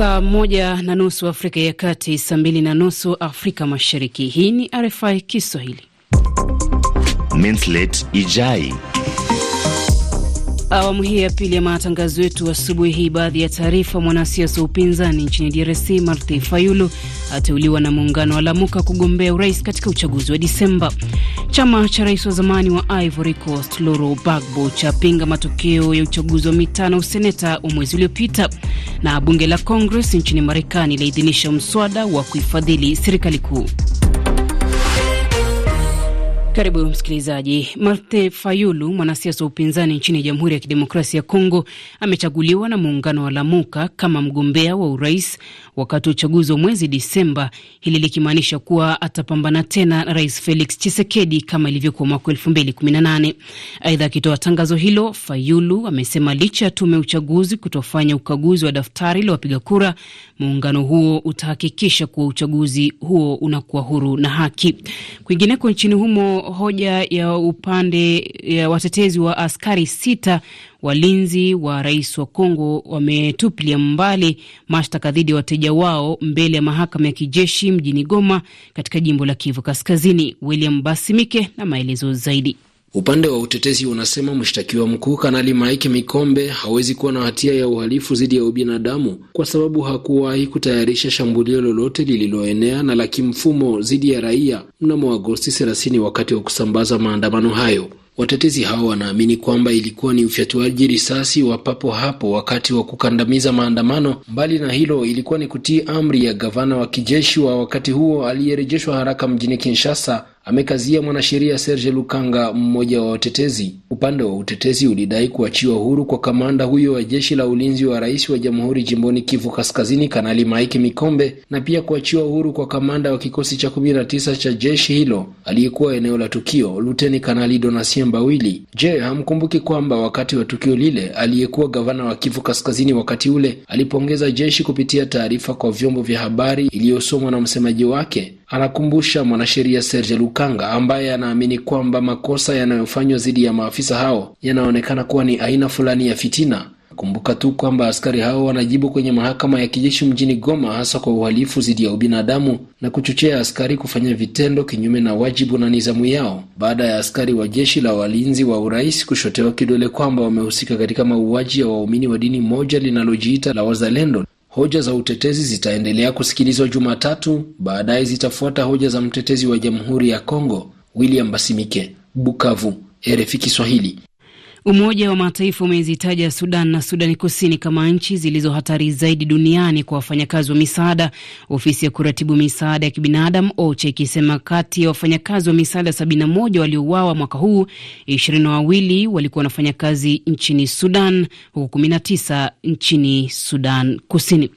Saa moja na nusu Afrika ya Kati, saa mbili na nusu Afrika Mashariki. Hii ni RFI Kiswahili. Ijai. Awamu hii ya pili ya matangazo yetu asubuhi hii, baadhi ya taarifa. Mwanasiasa wa upinzani nchini DRC marthi Fayulu ateuliwa na muungano wa Lamuka kugombea urais katika uchaguzi wa Disemba. Chama cha rais wa zamani wa Ivory Coast bagbo chapinga matokeo ya uchaguzi wa mitaa na useneta wa mwezi uliopita, na bunge la Congress nchini Marekani laidhinisha mswada wa kuifadhili serikali kuu. Karibu msikilizaji. Marthe Fayulu, mwanasiasa wa upinzani nchini Jamhuri ya Kidemokrasia ya Kongo, amechaguliwa na muungano wa Lamuka kama mgombea wa urais wakati wa uchaguzi wa mwezi Disemba, hili likimaanisha kuwa atapambana tena na Rais Felix chisekedi kama ilivyokuwa mwaka nane. Aidha, akitoa tangazo hilo, Fayulu amesema licha ya tume ya uchaguzi kutofanya ukaguzi wa daftari la wapiga kura, muungano huo utahakikisha kuwa uchaguzi huo unakuwa huru na haki. Kwingineko nchini humo hoja ya upande ya watetezi wa askari sita walinzi wa rais wa Kongo wametupilia mbali mashtaka dhidi ya wateja wao mbele ya mahakama ya kijeshi mjini Goma katika jimbo la Kivu Kaskazini. William Basimike na maelezo zaidi. Upande wa utetezi unasema mshtakiwa mkuu Kanali Mike Mikombe hawezi kuwa na hatia ya uhalifu dhidi ya ubinadamu kwa sababu hakuwahi kutayarisha shambulio lolote lililoenea na la kimfumo dhidi ya raia mnamo Agosti 30 wakati wa kusambaza maandamano hayo. Watetezi hao wanaamini kwamba ilikuwa ni ufyatuaji risasi wa papo hapo wakati wa kukandamiza maandamano. Mbali na hilo, ilikuwa ni kutii amri ya gavana wa kijeshi wa wakati huo aliyerejeshwa haraka mjini Kinshasa amekazia mwanasheria Serge Lukanga, mmoja wa watetezi. Upande wa utetezi ulidai kuachiwa huru kwa kamanda huyo wa jeshi la ulinzi wa rais wa jamhuri jimboni Kivu Kaskazini, Kanali Mike Mikombe, na pia kuachiwa huru kwa kamanda wa kikosi cha 19 cha jeshi hilo aliyekuwa eneo la tukio, Luteni Kanali Donatien Mbawili. Je, hamkumbuki kwamba wakati wa tukio lile aliyekuwa gavana wa Kivu Kaskazini wakati ule alipongeza jeshi kupitia taarifa kwa vyombo vya habari iliyosomwa na msemaji wake anakumbusha mwanasheria Serge Lukanga ambaye anaamini kwamba makosa yanayofanywa dhidi ya maafisa hao yanaonekana kuwa ni aina fulani ya fitina. Kumbuka tu kwamba askari hao wanajibu kwenye mahakama ya kijeshi mjini Goma hasa kwa uhalifu dhidi ya ubinadamu na kuchochea askari kufanya vitendo kinyume na wajibu na nizamu yao, baada ya askari wa jeshi la walinzi wa urais kushotewa kidole kwamba wamehusika katika mauaji ya waumini wa dini moja linalojiita la Wazalendo Hoja za utetezi zitaendelea kusikilizwa Jumatatu, baadaye zitafuata hoja za mtetezi wa Jamhuri ya Kongo William Basimike. Bukavu, RFI Kiswahili. Umoja wa Mataifa umezitaja Sudan na Sudani Kusini kama nchi zilizo hatari zaidi duniani kwa wafanyakazi wa misaada, ofisi ya kuratibu misaada ya kibinadamu OCHA ikisema kati ya wafanyakazi wa misaada 71 waliouawa mwaka huu, ishirini na wawili walikuwa wanafanya kazi nchini Sudan, huku 19 nchini Sudan Kusini.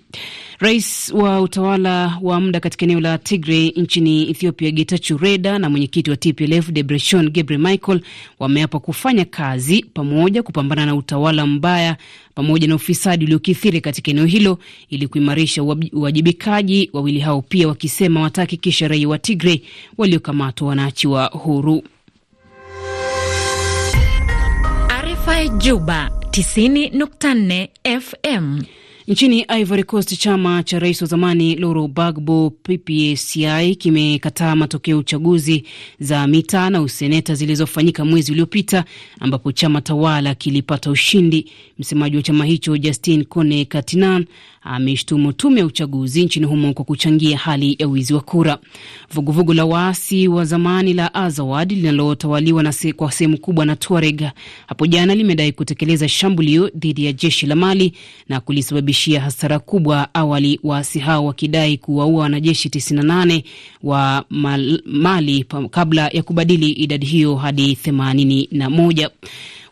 Rais wa utawala wa muda katika eneo la Tigre nchini Ethiopia, Getachew Reda, na mwenyekiti wa TPLF Debretsion Gebre Michael wameapa kufanya kazi pamoja kupambana na utawala mbaya pamoja na ufisadi uliokithiri katika eneo hilo ili kuimarisha uwajibikaji. Wawili hao pia wakisema watahakikisha raia wa Tigre waliokamatwa wanaachiwa huru. RFI Juba 90.4 FM. Nchini Ivory Coast, chama cha rais wa zamani Loro Bagbo PPACI kimekataa matokeo ya uchaguzi za mitaa na useneta zilizofanyika mwezi uliopita, ambapo chama tawala kilipata ushindi. Msemaji wa chama hicho Justin Kone Katinan ameshtumu tume ya uchaguzi nchini humo kwa kuchangia hali ya wizi wa kura. Vuguvugu la waasi wa zamani la Azawad linalotawaliwa se, kwa sehemu kubwa na Tuareg hapo jana limedai kutekeleza shambulio dhidi ya jeshi la Mali na kulisababisha kuwarudishia hasara kubwa, awali waasi hao wakidai kuwaua wanajeshi 98 wa Mali kabla ya kubadili idadi hiyo hadi 81.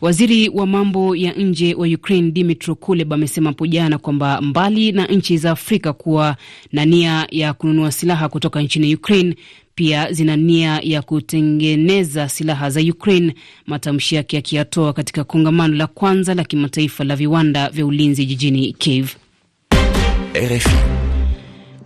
Waziri wa mambo ya nje wa Ukraine Dmytro Kuleba amesema hapo jana kwamba mbali na nchi za Afrika kuwa na nia ya kununua silaha kutoka nchini Ukraine, pia zina nia ya kutengeneza silaha za Ukraine, matamshi yake akiyatoa katika kongamano la kwanza la kimataifa la viwanda vya ulinzi jijini Kiev. RFI.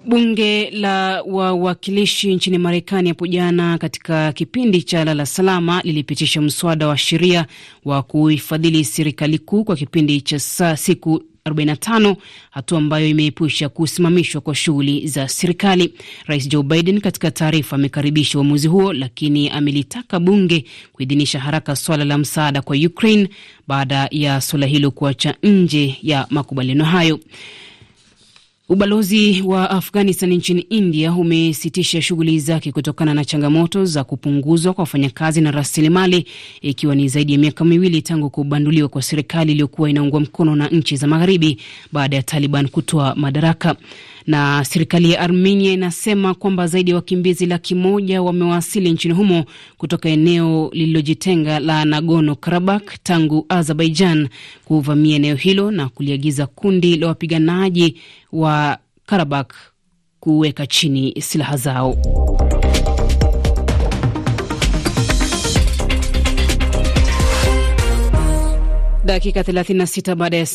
Bunge la wawakilishi nchini Marekani hapo jana katika kipindi cha lala salama lilipitisha mswada wa sheria wa kuifadhili serikali kuu kwa kipindi cha saa siku 45 hatua ambayo imeepusha kusimamishwa kwa shughuli za serikali. Rais Joe Biden katika taarifa amekaribisha uamuzi huo, lakini amelitaka bunge kuidhinisha haraka swala la msaada kwa Ukraine baada ya suala hilo kuacha nje ya makubaliano hayo. Ubalozi wa Afghanistan nchini India umesitisha shughuli zake kutokana na changamoto za kupunguzwa kwa wafanyakazi na rasilimali, ikiwa ni zaidi ya miaka miwili tangu kubanduliwa kwa serikali iliyokuwa inaungwa mkono na nchi za Magharibi baada ya Taliban kutoa madaraka. Na serikali ya Armenia inasema kwamba zaidi ya wakimbizi laki moja wamewasili nchini humo kutoka eneo lililojitenga la Nagorno Karabakh tangu Azerbaijan kuvamia eneo hilo na kuliagiza kundi la wapiganaji wa Karabakh kuweka chini silaha zao. Dakika 36 baada ya